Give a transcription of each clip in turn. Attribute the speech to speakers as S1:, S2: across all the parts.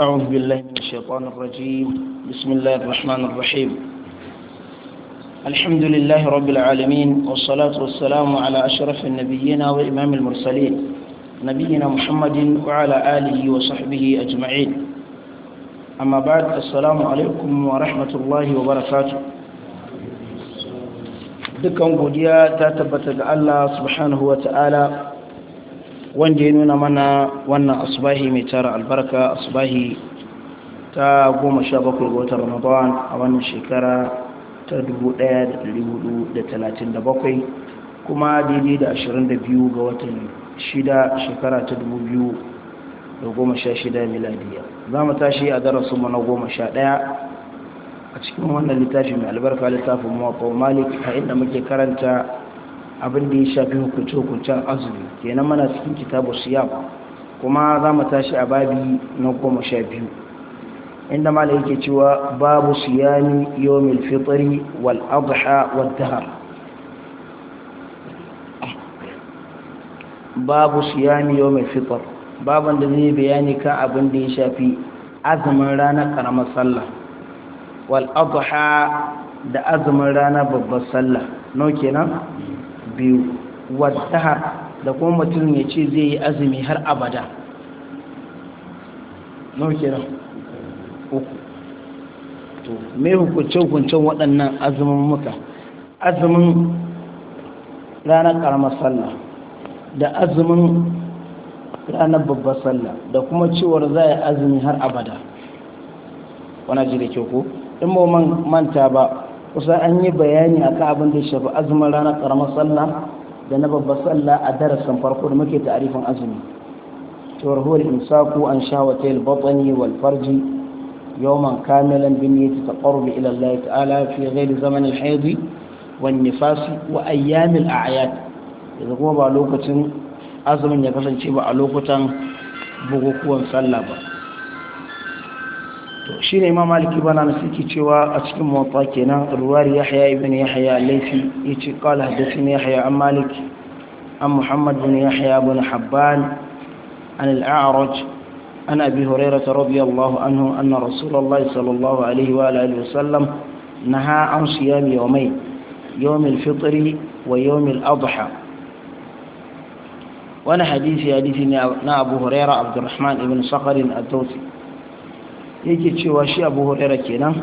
S1: أعوذ بالله من الشيطان الرجيم بسم الله الرحمن الرحيم الحمد لله رب العالمين والصلاة والسلام على أشرف النبيين وإمام المرسلين نبينا محمد وعلى آله وصحبه أجمعين أما بعد السلام عليكم ورحمة الله وبركاته دكم قديا تتبت الله سبحانه وتعالى wanda ya nuna mana wannan asubahi mai tara albarka asubahi ta goma sha bakwai ga watan ramadan a wannan shekara ta dubu da da da talatin bakwai, kuma daidai da ashirin da biyu ga watan shida shekara ta dubu biyu da goma sha shida miladiya za mu tashi a darasin mu na goma sha ɗaya a cikin wannan littafi mai albarka littafin mawaƙo malik a inda muke karanta abin da ya shafi hukuce hukuncen azumi kenan mana cikin kitabu siyam kuma za mu tashi a babi na goma sha biyu inda mala yake cewa babu siyami yomil fitri wal adha wal dahar babu siyami yomil fitr baban da zai bayani kan abin da ya shafi azumin ranar karamar sallah wal adha da azumin ranar babbar sallah no kenan biyu wadda da kuma mutum ya ce zai yi azumi har abada wuce na? uku to me hukunce-hukuncen waɗannan azumin muka azumin ranar ƙaramar sallah da azumin ranar babbar sallah da kuma cewar za a azumi har abada wana ji da ke ko in ba manta ba kusa an yi bayani a kan abin da ya shafi azumin ranar karamar sallah da na babbar sallah a darasin farko da muke tarifin azumi cewar huwar imsaku an sha wata batani wal farji yawman kamilan bin yi ta ƙarfi ilallah ta'ala fi ghairi zaman alhaidi wan nifasi wa ayyamil ayat yanzu kuma ba lokacin azumin ya kasance ba a lokutan bukukuwan sallah ba to shi ne imam maliki bana na suke cewa a cikin mawata kenan ruwar yahya ibn yahya laifi ya ce kala haddasin yahya an malik an muhammad bin yahya bin habban an al'araj an abi hurairata radiyallahu anhu anna rasulullahi sallallahu alaihi wa alihi wa sallam نهى عن صيام يومين يوم الفطر ويوم الأضحى وانا حديثي حديثي نا أبو هريرة عبد الرحمن بن صخر الدوسي yake cewa shi abu hurairah kenan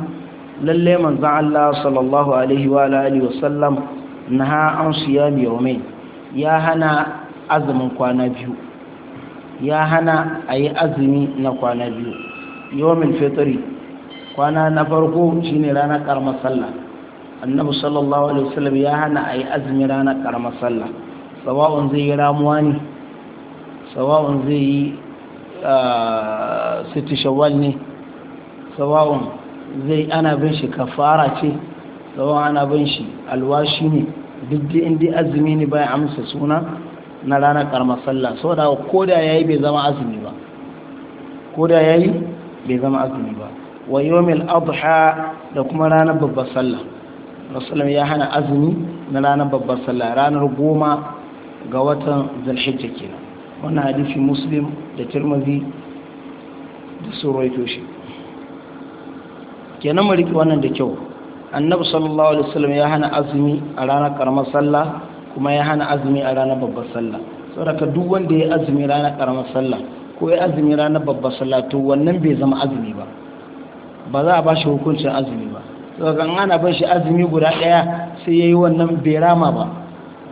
S1: lalle manzan Allah sallallahu alaihi wa alihi wasallam ha an siyam yawmain ya hana azumin kwana biyu ya hana yi azumi na kwana biyu yawmin fitri kwana na farko shine ranar karamar sallah annabi sallallahu alaihi wasallam ya hana a yi azumi ranar karamar sallah sawa'un zai yi ramuwa ne sawa'un zai yi ah, sitti ne sawawan zai ana bin shi kafara ce sawa'un ana bin shi alwashi ne duk da inda azumi ne bayan amsa suna na ranar karmar sallah so da ko da yayi bai zama azumi ba ko da yayi bai zama azumi ba wa yawmil adha da kuma ranar babbar sallah rasulullah ya hana azumi na ranar babbar sallah ranar goma ga watan zulhijja kenan wannan hadisi muslim da tirmidhi da suraito shi kenan mu riƙe wannan da kyau annabi sallallahu alaihi wasallam ya hana azumi a ranar karamar sallah kuma ya hana azumi a ranar babbar sallah saboda duk wanda ya azumi ranar karamar sallah ko ya azumi ranar babbar sallah to wannan bai zama azumi ba ba za a bashi hukuncin azumi ba saboda in ana ban shi azumi guda ɗaya sai yayi wannan bai rama ba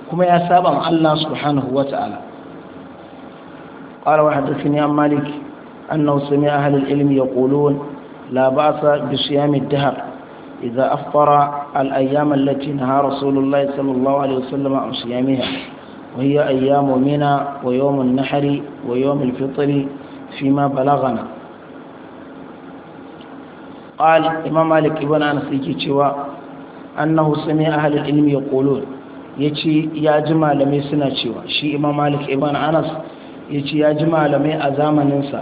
S1: kuma ya saba ma Allah subhanahu wata'ala قال وحدثني عن مالك أنه سمع أهل العلم يقولون لا بأس بصيام الدهر إذا أفطر الأيام التي نهى رسول الله صلى الله عليه وسلم عن صيامها وهي أيام منى ويوم النحر ويوم الفطر فيما بلغنا قال إمام مالك ابن أنس يجي أنه سمع أهل العلم يقولون يجي يا جماعة لم يسنى شي إمام مالك ابن أنس يجي يا جماعة لم يأزام ننسى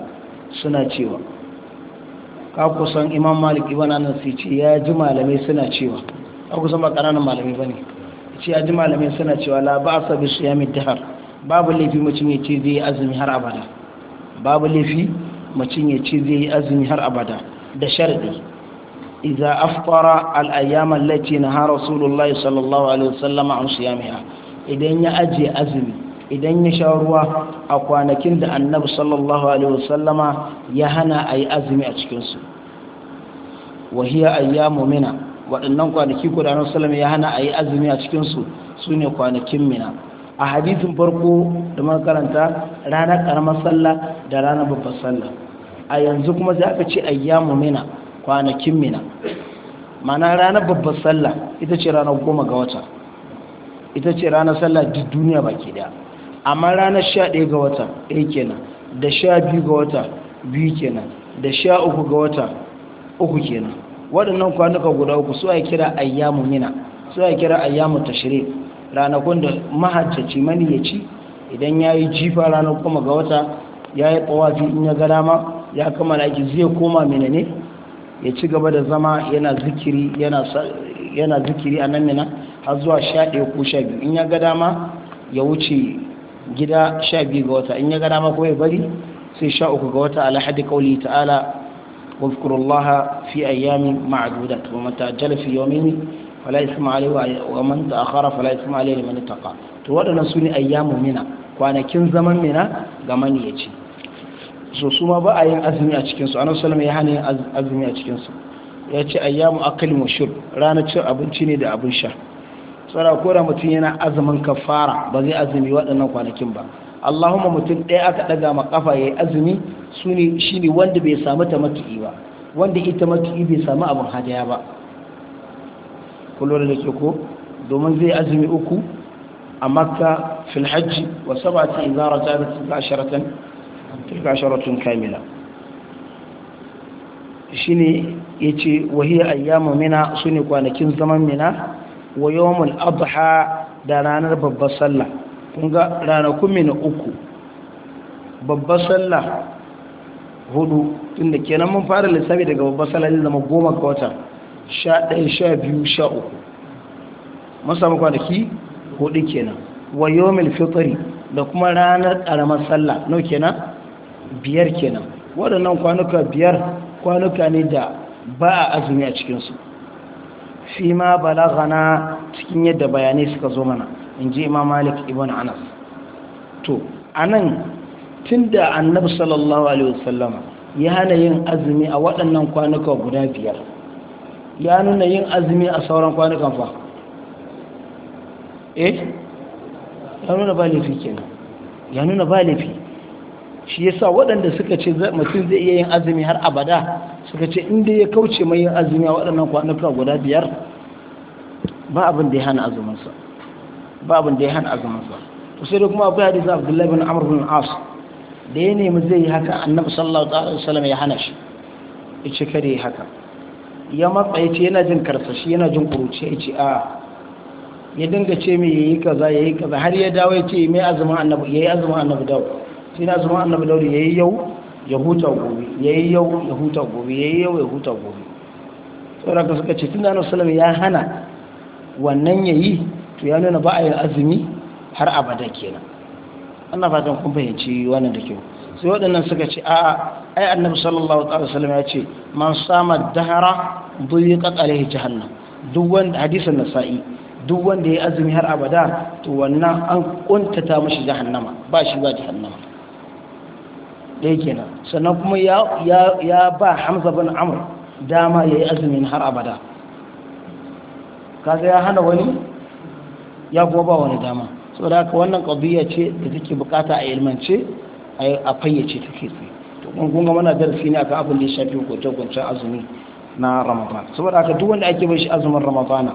S1: سنى ka kusan imam malik nan anas ce ya ji malamai suna cewa ka kusan ba ƙananan malamai ba ne ce ya ji malamai suna cewa la ba sa bi siyami dahar babu laifi mutum ya ce zai yi azumi har abada babu laifi mutum ya ce zai yi azumi har abada da sharadi idza afṭara al ayyam allati naha rasulullahi sallallahu alaihi wasallam an siyamiha idan ya ajiye azumi idan ya sha ruwa a kwanakin da annabi sallallahu alaihi wasallama ya hana a yi azumi a cikinsu wahiya ayyamu mina waɗannan kwanaki ko da annabi sallallahu ya hana a yi azumi a cikinsu su ne kwanakin mina a hadisin farko da makaranta karanta ranar karamar sallah da ranar babbar sallah a yanzu kuma za ka ce ayyamu mina kwanakin mina mana ranar babbar sallah ita ce ranar goma ga wata ita ce ranar sallah duk duniya baki daya amma ranar sha ɗaya ga wata ɗaya kenan da sha biyu ga wata biyu kenan da sha uku ga wata uku kenan waɗannan kwanuka guda uku su a kira ayyamu mina su a kira ayyamu tashrik ranakun da mahajjaci maniyaci idan ya yi jifa ranar kuma ga wata ya yi tsawafi in ya ga dama ya da aiki zai koma mina ne ya ci gaba da zama yana zikiri a nan mina har zuwa sha ɗaya ko sha biyu in ya ga dama ya wuce gida sha biyu ga wata in ya gada ma kuma ya bari sai sha uku ga wata alhadi kauli ta'ala wafkurullaha fi ayyamin ma'adudat wa mata jalfi yawmin fala isma ma'ali wa man akara fala isma alaihi mani taƙa. to waɗannan su ne ayyamu mina kwanakin zaman mina ga ce so su ma ba a yin azumi a cikinsu anan salama ya hana azumi a cikinsu. ya ce ayyamu a wa shurb ranar cin abinci ne da abin sha tsara kora mutum yana azumin kafara ba zai azumi waɗannan kwanakin ba allahumma mutum ɗaya aka ɗaga ma kafa ya yi azumi su shi ne wanda bai samu ta matu'i ba wanda ita matu'i bai samu abin hadaya ba kullum da ke ko domin zai azumi uku a makka fil hajji wa sab'ati idza raja'at asharatan tilka asharatun kamila shine yace wahiya ayyamu mina sune kwanakin zaman mina wa yawmul adha da ranar babbar sallah kun ga ranakun mina uku babbar sallah hudu tunda kenan mun fara lissafi daga babbar sallah ne zama goma ga wata sha ɗaya sha biyu sha uku mun samu kwanaki hudu kenan wa yawmul fitri da kuma ranar ƙaramar sallah nau kenan biyar kenan waɗannan kwanuka biyar kwanuka ne da ba a azumi a cikinsu fi balagana cikin yadda bayanai suka zo mana in ji imam malik ibn anas to anan tunda annabi sallallahu alaihi wasallam ya hana yin azumi a waɗannan kwanuka guda biyar ya nuna yin azumi a sauran kwanukan fa eh ya nuna ba laifi kenan ya nuna ba laifi shi yasa waɗanda suka ce mutum zai iya yin azumi har abada suka ce inda ya kauce mai yin azumi a waɗannan kwanuka guda biyar ba abin da ya hana azuminsa ba abin da ya hana azuminsa to sai da kuma abu ya disa abdullahi bin amr bin as da ya nemi zai yi haka annabi sallallahu alaihi wasallam ya hana shi ya ce kare haka ya matsa ya ce yana jin karsashi yana jin kuruci ya ce a ya dinga ce mai yayi kaza yayi kaza har ya dawo ya ce mai azumin annabi yayi azumin annabi dawo shi na azumin annabi dawo yayi yau ya huta gobe yayi yau ya huta gobe yayi yau ya huta gobe saboda suka ce tunda annabi sallallahu alaihi wasallam ya hana wannan ya yi to ya nuna ba a yin azumi har abada kenan ana fatan kun fahimci wannan da kyau sai waɗannan suka ce a ai annabi sallallahu alaihi wasallam ya ce man sama dahara duyqa alaihi jahannam duk wanda hadisin nasa'i duk wanda ya azumi har abada to wannan an kuntata mashi jahannama ba shi ba jahannama dai kenan sannan kuma ya ya ba Hamza bin Amr dama yayi azumin har abada kaza ya hana wani ya kuma ba wani dama saboda haka wannan qadiyya ce da take bukata a ilmance a fayyace take tsaye to kun kun mana darasi ne akan abin da ya shafi gwaje azumi na ramadan saboda haka duk wanda ake bai shi azumin ramadana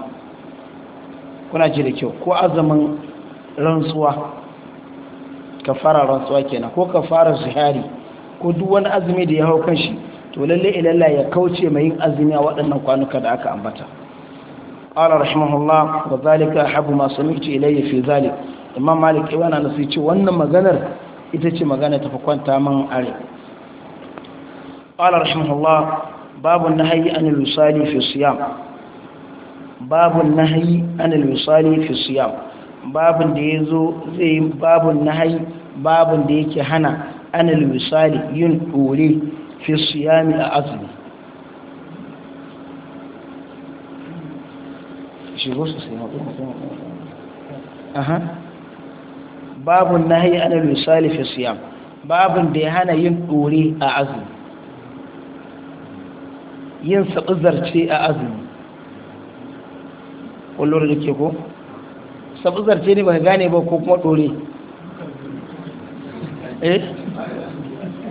S1: kuna ji da kyau ko azumin rantsuwa kafara rantsuwa kenan ko kafara zihari ko duk wani azumi da ya hau kan shi to lalle ilalla ya kauce mai yin azumi a waɗannan kwanuka da aka ambata قال رحمه الله وذلك أحب ما سمعت إليه في ذلك إمام مالك إيوانا نسيتي وأن مغنر إتتي مغنر تفقوان تامان عليه قال رحمه الله باب النهي عن الوصال في الصيام باب النهي عن الوصال في الصيام باب ديزو زي باب النهي باب ديكي هنا عن الوصال ينقولي في الصيام أعظمي shigo su sai haƙuri aha babun hayi ana misali fi siyam babun da ya hana yin ɗore a azumi yin saɓi zarce a azumi ƙullur da ke ko saɓi zarce ne ba gane ba ko kuma ɗore, eh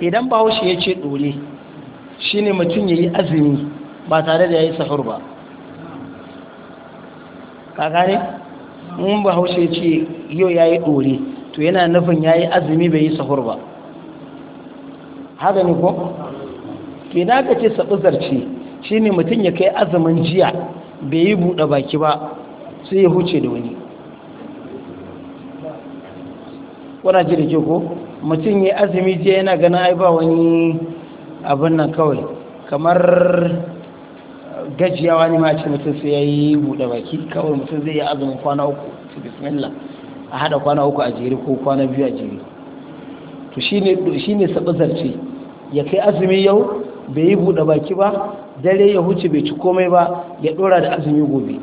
S1: idan ba wasu ya ce shi shine mutum ya yi azumi ba tare da ya yi safar ba ka gane mun ba haushe ce yau ya yi ɗore to yana nufin ya yi azumi bai yi sahur ba haɗa ne ko? ke na ka ce saɓi shi ne mutum ya kai azumin jiya bai yi buɗe baki ba sai ya huce da wani wana ji da ke ko? mutum ya yi azumi jiya yana ganin ai ba wani abin nan kawai kamar gajiyawa ne ma ce mutum sai ya yi buɗe baki kawai mutum zai yi azumin kwana uku su bismillah a haɗa kwana uku a jere ko kwana biyu a jere to shi ne sabazarce ya kai azumi yau bai yi buɗe baki ba dare ya huce bai ci komai ba ya ɗora da azumi gobe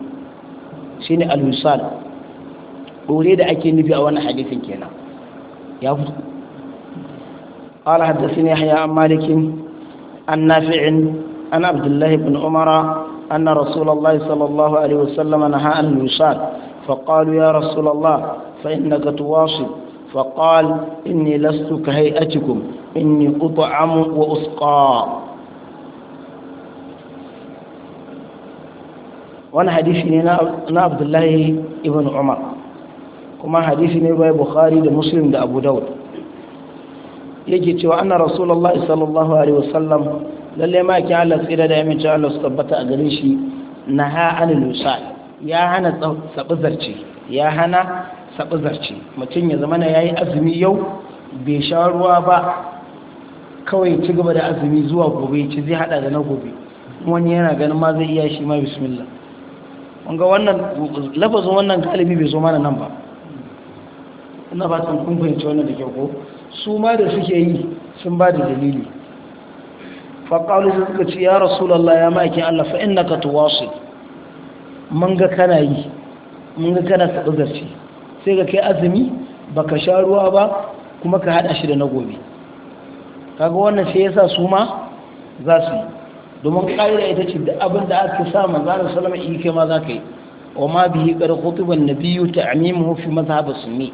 S1: shi ne alwisal ɗore da ake nufi a wani hadisin kenan ya fito قال حدثني يحيى عن مالك عن نافع عن عبد الله بن عمر أن رسول الله صلى الله عليه وسلم نهى عن الوصال فقالوا يا رسول الله فإنك تواصل فقال إني لست كهيئتكم إني أطعم وأسقى وانا حديثي نا عبد الله ابن عمر كما حديثي نا بخاري ده مسلم ده أبو داود يجي أن رسول الله صلى الله عليه وسلم lalle ma ki Allah tsira da yamin cewa Allah su tabbata a garin shi na ha anil lusal ya hana sabu zarce ya hana sabu zarce mutum ya zama yayi azumi yau bai sha ruwa ba kawai ci gaba da azumi zuwa gobe ci zai hada da na gobe wani yana ganin ma zai iya shi ma bismillah ga wannan lafazin wannan galibi bai zo mana nan ba ina ba san kun fahimci wannan da kyau ko su ma da suke yi sun ba da dalili faƙaunin su suka ci ya rasulallah ya ma'aikin Allah fa'in na ka tuwasu mun ga kana yi mun ga kana taɓa sai ga kai azumi ba ka sha ruwa ba kuma ka haɗa shi da na gobe kaga wannan sai sa su ma za su yi domin ƙa'ida ita ce da abin da aka sa manzo salama iya kai ma za ka yi O ma bihi qad khutiba nabiyyu ta'mimuhu fi madhhab sunni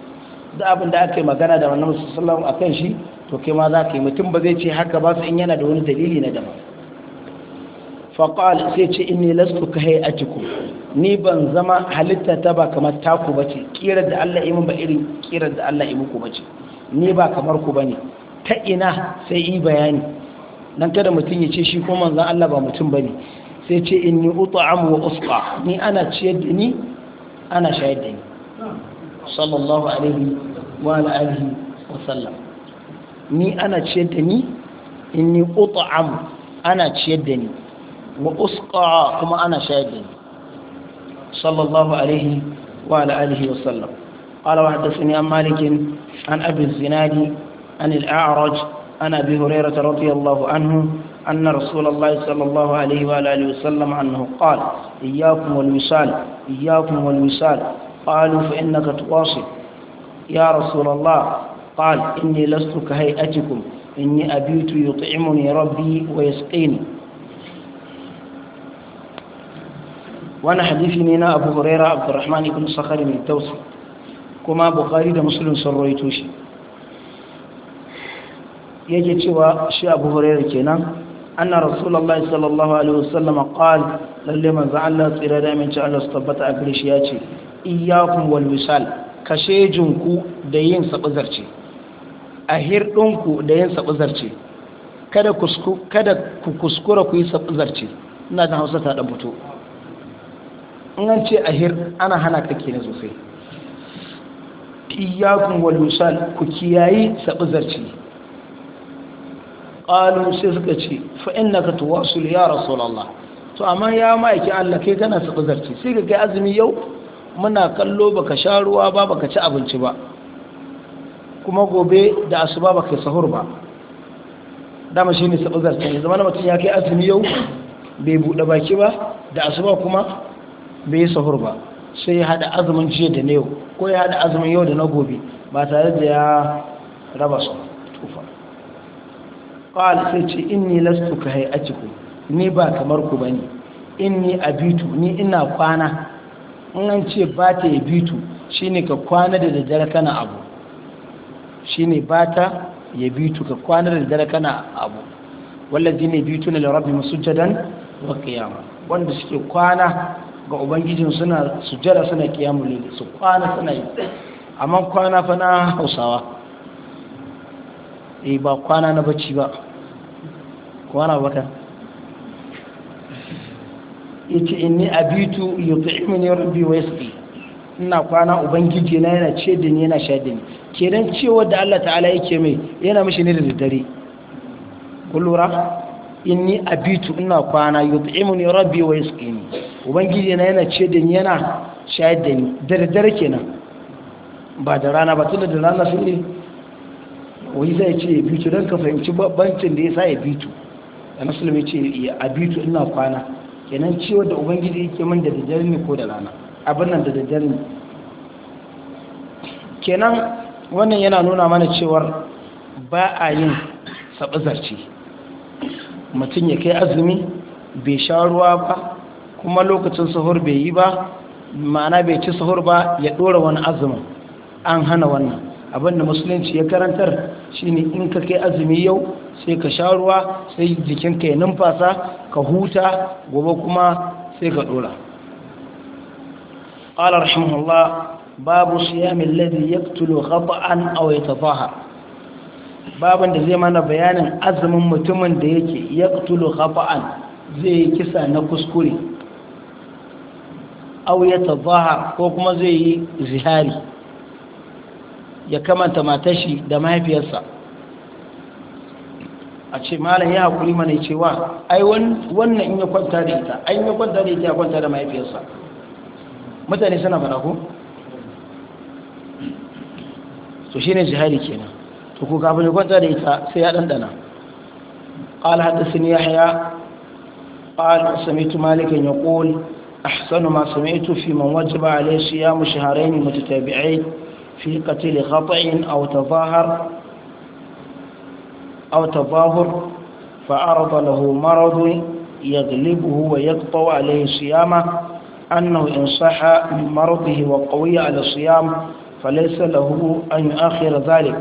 S1: da abin da aka yi magana da wannan musulman a kan shi to kai ma za ka yi mutum ba zai ce haka ba su in yana da wani dalili na daban faƙal sai ce in inni lastu ka hai atiku ni ban zama halitta ta ba kamar taku ba ce ƙirar da Allah imin ba irin ƙirar da Allah imin ku ba ce ni ba kamar ku ba ne ta ina sai yi bayani don kada mutum ya ce shi ko manzan Allah ba mutum ba ne sai ce in inni uta'amu wa usqa ni ana ciyar da ni ana shayar da ni sallallahu alaihi wa alihi wa sallam ni ana ciyar da ni inni ut'am ana ciyar da ni wa usqa kuma ana shayar da ni sallallahu alaihi wa ala alihi wa sallam qala wa hadathani an malik an abi zinadi an al-a'raj an abi hurairah radiyallahu anhu أن رسول الله صلى الله عليه وآله وسلم أنه قال إياكم والوصال إياكم والوصال قالوا فإنك تواصل tuwasi ya الله قال إني لست كهيئتكم إني أبيت يطعمني ربي ويسقيني وانا حديثي نينا أبو هريرة عبد الرحمن بن صخر من التوسي كما بخاري ده مسلم سرويتوشي yake cewa shi abu hurairu kenan anna rasulullahi sallallahu alaihi wasallam qal lalle manzo Allah tsira da min Allah su tabbata a gare shi yace iyyakum wal wisal kashe jinku da yin sabazarci a hirɗinku da yin sabuzarce kada ku kuskura ku yi sabuzarce ina da hausa ta ɗan fito in an ce a hir ana hana kake kenan sosai iyakun walusal ku kiyayi sabuzarce ƙalu sai suka ce fa'in na ka tuwasul ya rasulallah to amma ya ma'aiki allah kai kana sabuzarce sai ka kai azumi yau muna kallo baka sha ruwa ba baka ci abinci ba kuma gobe da asuba ba kai sahur ba dama shi ne sa'uzar ta zama na mutum ya kai azumi yau bai buɗe baki ba da asuba kuma bai yi sahur ba sai ya haɗa azumin jiya da na yau ko ya haɗa azumin yau da na gobe ba tare da ya raba su tufa ƙwal sai ce in ni lastu ka aciku. ni ba kamar ku ba ne In ni a bitu. Ni ina kwana in an ce ba ta bitu shine ka kwana da daddare kana abu shine bata ya bitu ka kwanar da dare kana abu wallazi ne bitu na larabi masujjadan wa qiyama wanda suke kwana ga ubangijin suna sujjada suna qiyamul ne su kwana suna yi amma kwana fa na Hausawa eh ba kwana na bacci ba kwana baka yace inni abitu yut'imuni rabbi wa yasqi ina kwana ubangiji na yana ce da ni yana sha da ni kenan cewa da Allah ta'ala yake mai yana mishi ne da daddare kullura inni abitu ina kwana yut'imuni rabbi wa yasqini ubangiji yana yana ce da ni yana shayar da ni da daddare kenan ba da rana ba tunda da rana sun ne wani zai ce ya bitu don ka fahimci bancin da ya sa ya bitu da musulmi ce ya abitu ina kwana kenan ciwo da ubangiji yake min da daddare ne ko da rana abin nan da daddare ne kenan wannan yana nuna mana cewar ba a yin sabazarci mutum ya kai azumi bai sha ruwa ba kuma lokacin suhur bai yi ba mana bai ci sahur ba ya ɗora wani azumin an hana wannan abinda musulunci ya karantar shine in ka kai azumi yau sai ka sha ruwa sai jikinka ya numfasa ka huta gobe kuma sai ka ɗora قال رحمه الله babu siyamin ladhi yaqtulu khata'an aw yatafahar baban da zai mana bayanin azumin mutumin da yake ya tulo khata'an zai yi kisa na kuskure aw yatafahar ko kuma zai yi zihari ya kamanta matashi da mahaifiyarsa a ce malam ya haƙuri mana cewa ai wannan in ya kwanta da ita an yi kwanta da ita ya kwanta da mahaifiyarsa mutane suna fara ko to shine jihadi kenan to ko kafin kwanta da ita sai ya dandana قال حدثني يحيى قال سمعت مالكا يقول أحسن ما سمعت في من وجب عليه صيام شهرين متتابعين في قتل خطأ أو تظاهر أو تظاهر فعرض له مرض يغلبه ويقطع عليه صيامه أنه إن صح من مرضه وقوي على الصيام فليس له أن يؤخر ذلك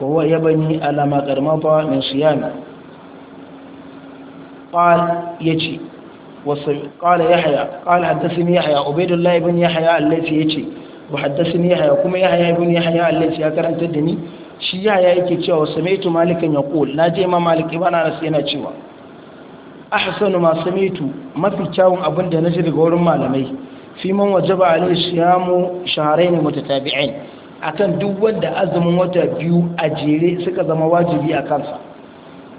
S1: وهو يبني على ما قد من haya قال يجي قال يحيى قال حدثني يحيى عبيد الله بن يحيى الذي يجي وحدثني يحيى كما يحيى بن يحيى الذي يكرم تدني shi ya haya yake cewa maitu malikan ya ƙul na je ma ba na anas yana cewa ahsanu ma samaitu mafi kyawun abin da na ji daga wurin malamai fi man wajaba alai siyamu shahrayn mutatabi'ain akan duk wanda azumin wata biyu a jere suka zama wajibi a kansa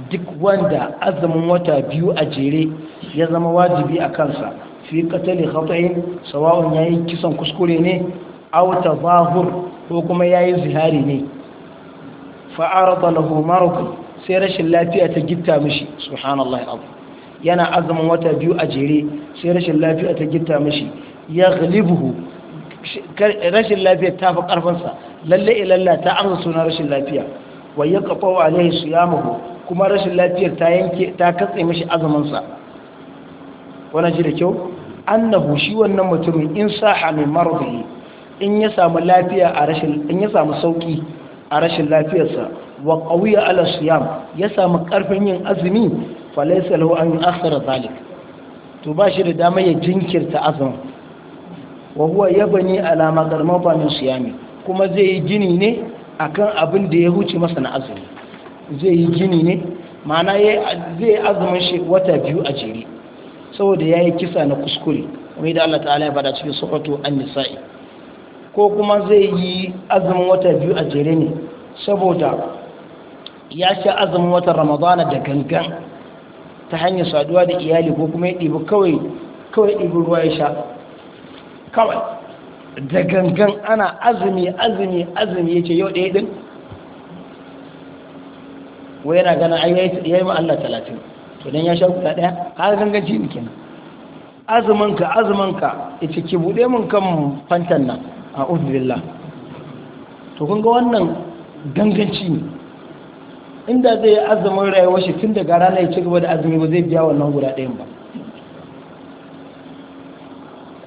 S1: duk wanda azumin wata biyu a jere ya zama wajibi a kansa fi qatali khata'in sawa'un yayi kisan kuskure ne aw tazahur ko kuma yayi zihari ne fa arada lahu sai rashin lafiya ta gitta mishi subhanallahi yana azumin wata biyu a jere sai rashin lafiya ta gitta mishi ya galibuhu rashin lafiya ta fi ƙarfinsa lalle ilalla ta amsa suna rashin lafiya wa ya kafa alaihi siyamahu kuma rashin lafiyar ta yanke ta katse mashi azuminsa Wani ji da kyau annahu shi wannan mutumin in saha min maradihi in ya samu lafiya a rashin in ya samu sauki a rashin lafiyarsa wa ƙauya ala siyam ya samu karfin yin azumi falaysa lahu an yu'akhkhira zalik to ba shi da dama ya jinkirta azumin wa huwa yabni alama ma qad min siyami kuma zai yi gini ne akan abin da ya huce masa na azumi zai yi gini ne ma'ana zai azumin shi wata biyu a jere saboda ya yi kisa na kuskure wani da Allah ta'ala ya bada cikin sokoto an nisa'i ko kuma zai yi azumin wata biyu a jere ne saboda ya sha azumin watan ramadana da gangan ta hanyar saduwa da iyali ko kuma ya ɗibi kawai ɗibi ruwa ya sha kawai da gangan ana azumi azumi azumi ya ce yau ɗaya ɗin wai yana gana ai ya yi ma Allah talatin to don ya sha kuka ɗaya ka ganganci ne kenan azuminka azuminka ya ce ki buɗe mun kan fantan nan a uzubillah to kun ga wannan ganganci ne inda zai yi azumin rayuwar shi tun daga ranar ya ci gaba da azumi ba zai biya wannan guda ɗayan ba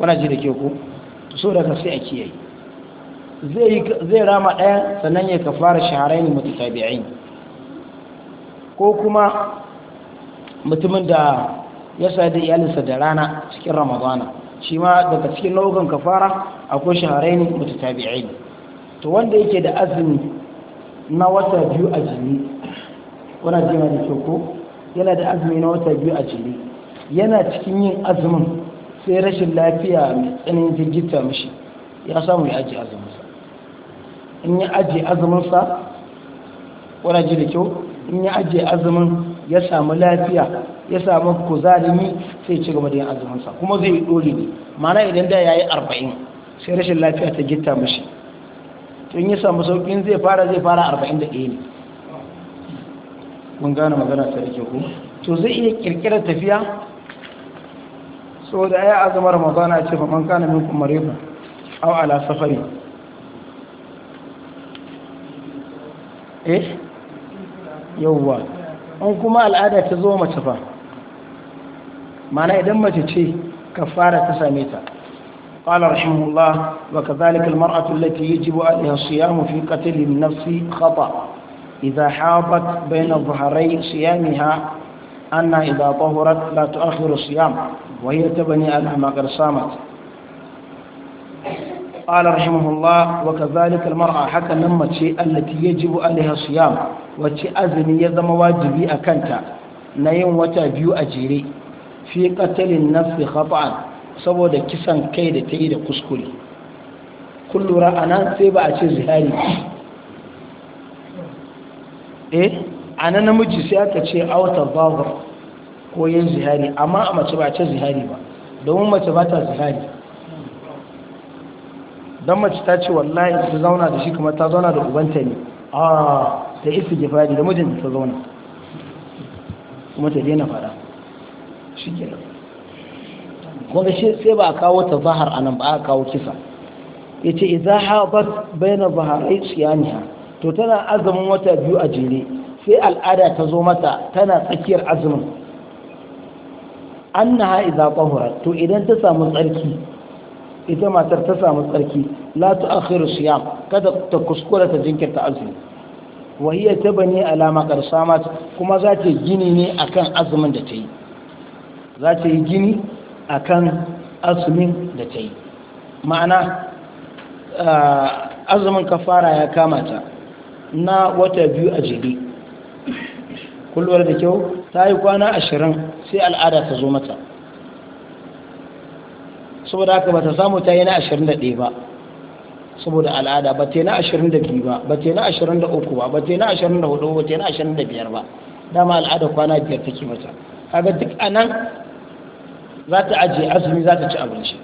S1: kuna ji da ke ku so da ka sai a kiyaye zai rama ɗaya sannan ya ka fara shaharai ne ko kuma mutumin da ya da iyalinsa da rana cikin ramadana shi ma daga cikin nau'ukan kafara akwai shaharai ne to wanda yake da azumi na wata biyu a jini kuna ji ma da ke ku yana da azumi na wata biyu a jini yana cikin yin azumin sai rashin lafiya mai tsananin jirgita mashi ya samu ya ajiye azuminsa in ya ajiye azuminsa wadaji da kyau in ya ajiye azumin ya samu lafiya ya samu kuzarimi sai ci gaba da yin azuminsa kuma zai yi dole ne mana idan da ya yi arba'in sai rashin lafiya ta gita mashi tun ya samu sauƙin zai fara zai fara arba'in da ɗaya ne mun gane magana ta rike ku to zai iya ƙirƙirar tafiya saboda ai azumar ramadana ce fa man kana minkum maridu aw ala safari eh yawwa an kuma al'ada ta zo mace fa mana idan mace ce kafara ta same ta قال رحمه الله وكذلك المرأة التي يجب عليها الصيام في قتل النفس خطأ إذا حاطت بين ظهري صيامها أن إذا طهرت لا تؤخر الصيام وهي تبني على ما قد صامت قال رحمه الله وكذلك المرأة حتى لما التي يجب عليها الصيام وتي أزمي يزم واجبي أكنت نيم وتبيو أجري في قتل النفس خطأ saboda kisan kai da ta yi da kuskure kullura a nan sai ba a ce zihari eh a nan namiji sai aka ce auta zahar ko yin zihari amma a mace ba ce zihari ba domin mace ba ta zihari don mace ta ce wallahi ta zauna da shi kuma ta zauna da ubanta ne a ta isi gifari da mijinta ta zauna kuma ta daina fara shi ke kuma sai ba a kawo ta zahar a nan ba a kawo kisa ya ce idan haɓar bayan baharai tsiyaniya to tana azumin wata biyu a jere sai al'ada ta zo mata tana tsakiyar azumin annaha haiza tahura to idan ta samu tsarki ita matar ta samu tsarki latu tu'akhiru siyam kada ta kuskura ta jinkirta azumi wa hiya tabani alama ma mata, kuma za ta gini ne kan azumin da ta yi za ta yi gini kan azumin da ta yi ma'ana ah, azumin kafara ya kamata na wata biyu a jere kullum da kyau ta yi kwana ashirin sai al'ada ta zo mata saboda haka ba ta samu ta yi na ashirin da ɗaya ba saboda al'ada ba ta na ashirin da biyu ba ba ta na ashirin da uku ba ba ta na ashirin da hudu ba ta na ashirin da biyar ba dama al'ada kwana biyar take mata kaga duk anan za ta ajiye azumi za ta ci abinci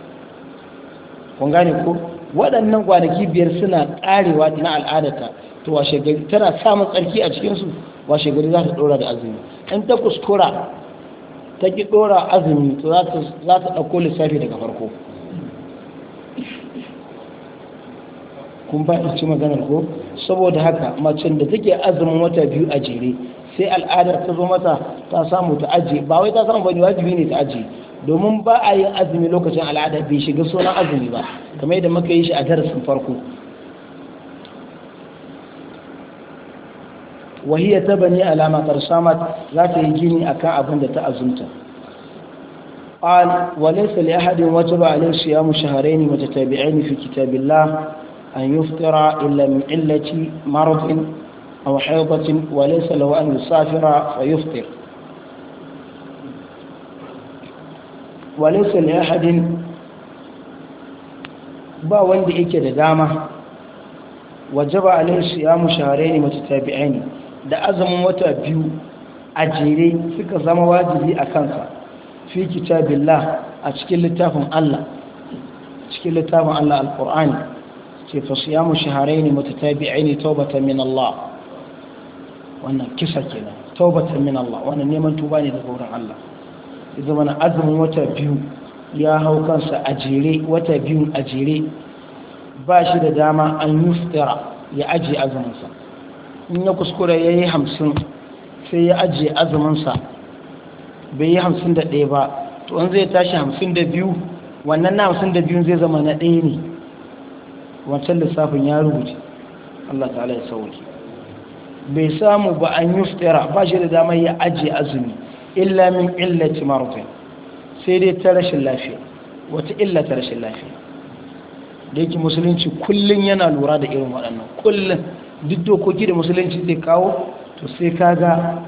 S1: kun gane ko waɗannan kwanaki biyar suna ƙarewa na al'adata to washe gari tana samun tsarki a cikinsu washe gari za ta ɗora da azumi in ta kuskura ta ki ɗora azumi to za ta ɗauko lissafi daga farko kun ci maganar ko saboda haka macen da take azumin wata biyu a jere sai al'adar ta zo mata ta samu ta aji. ba wai ta samu bane wajibi ne ta ajiye domin ba a yin azumi lokacin al'ada bai shiga sunan azumi ba kamar yadda muka yi shi a darasin farko وهي تبني على ما ترسمت لا تهجيني أكا أبن تأزمت قال وليس لأحد وجب عليه صيام شهرين متتابعين في كتاب الله أن يفطر إلا من علة مرض أو حيضة وليس له أن يسافر فيفطر وليس لأحد با وندي إيكي da وجب عليه صيام شهرين متتابعين da azumin wata biyu a jere suka zama wajibi a kansa fi kitabillah a cikin littafin Allah cikin littafin Allah alqur'ani ce fa siyamu shahrayn mutatabi'ain tawbatan min Allah wannan kisa kenan tawbatan min Allah wannan neman tuba ne daga wurin Allah idan mana azumin wata biyu ya hau kansa a jere wata biyu a jere ba shi da dama an yustira ya aje azumin sa in ya kuskura ya yi hamsin sai ya ajiye azuminsa bai yi hamsin da ɗaya ba to in zai tashi hamsin da biyu wannan na hamsin da biyun zai zama na ɗaya ne wancan lissafin ya rubuce Allah ta'ala ya sauki bai samu ba an yi fitara ba shi da damar ya ajiye azumi illa min illati marutai sai dai ta rashin lafiya wata illa ta rashin lafiya da yake musulunci kullum yana lura da irin waɗannan kullum duk dokoki da musulunci zai kawo to sai kaga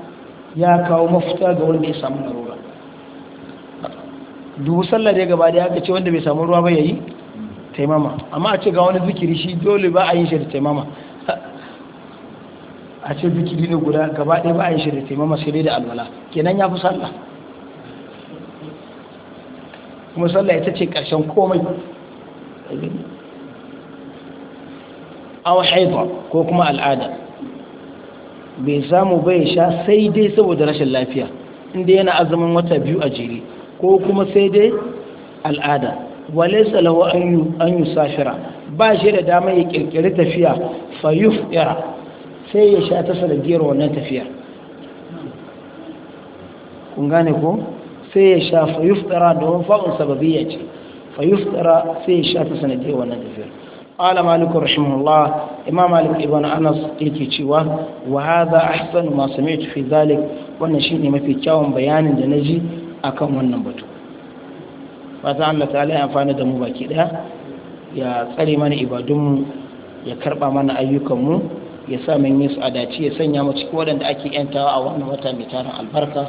S1: ya kawo mafita ga wanda ya samu larura Duk sallah da gaba da ya ce wanda bai samu ruwa ba yayi taimama amma a ce ga wani zikiri shi dole ba a yin shi da taimama a ce zikiri ne guda gaba ɗaya ba a yin shi da taimama sai dai da alwala kenan ya fi sallah kuma sallah ita ce ƙarshen komai aw haidha ko kuma al'ada bai samu bai sha sai dai saboda rashin lafiya inda yana azumin wata biyu a jere ko kuma sai dai al'ada walaysa lahu an safira ba shi da dama ya kirkiri tafiya fayuf yufira sai ya sha ta sanadiyar wannan tafiya kun gane ko sai ya sha fa yufira don fa'un sababiyya ce fayuf yufira sai ya sha ta sanadiyar wannan tafiyar qala malik rahimahullah imam malik ibn anas yake cewa wa hadha ahsanu ma sami'tu fi zalik wannan shine mafi kyawun bayanin da na ji akan wannan batu fata Allah ta'ala ya amfani da mu baki ɗaya, ya tsare mana ibadunmu ya karba mana ayyukanmu ya sa min yi su adaci ya sanya mu cikin waɗanda ake yantawa a wannan wata mai tarin albarka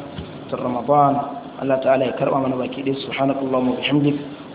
S1: ta ramadan ta'ala ya karba mana baki daya subhanakallahumma bihamdika